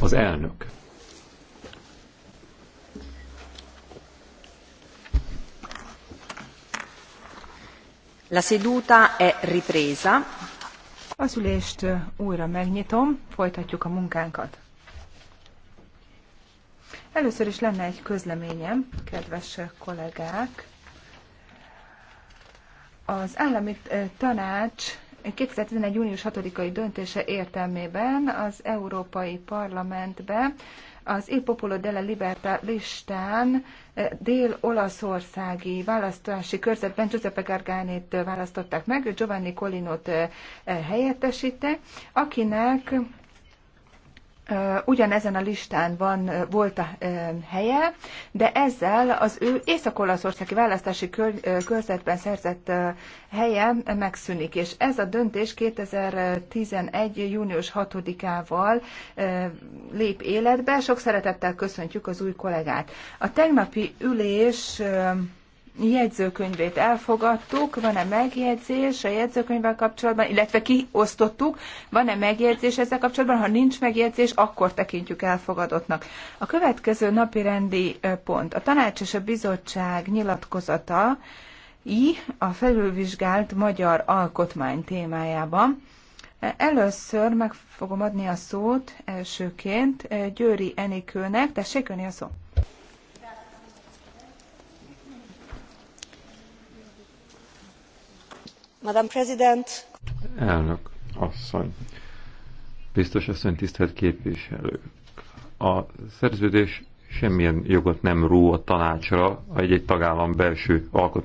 Az elnök. La seduta è ripresa. Az ülést újra megnyitom, folytatjuk a munkánkat. Először is lenne egy közleményem, kedves kollégák. Az állami tanács 2011. június 6-ai döntése értelmében az Európai Parlamentbe az Il Popolo della Libertà listán eh, dél-olaszországi választási körzetben Giuseppe Gargánét eh, választották meg, Giovanni Colinot eh, helyettesíte, akinek ugyanezen a listán van, volt a helye, de ezzel az ő észak-olaszországi választási kör, körzetben szerzett helye megszűnik, és ez a döntés 2011. június 6-ával lép életbe. Sok szeretettel köszöntjük az új kollégát. A tegnapi ülés jegyzőkönyvét elfogadtuk, van-e megjegyzés a jegyzőkönyvvel kapcsolatban, illetve kiosztottuk, van-e megjegyzés ezzel kapcsolatban, ha nincs megjegyzés, akkor tekintjük elfogadottnak. A következő napi rendi pont, a tanács és a bizottság nyilatkozata i a felülvizsgált magyar alkotmány témájában. E, először meg fogom adni a szót elsőként Győri Enikőnek, tessék önni a szót. President. Elnök asszony. Biztos asszony, tisztelt képviselők. A szerződés semmilyen jogot nem ró a tanácsra egy-egy tagállam belső alkotmány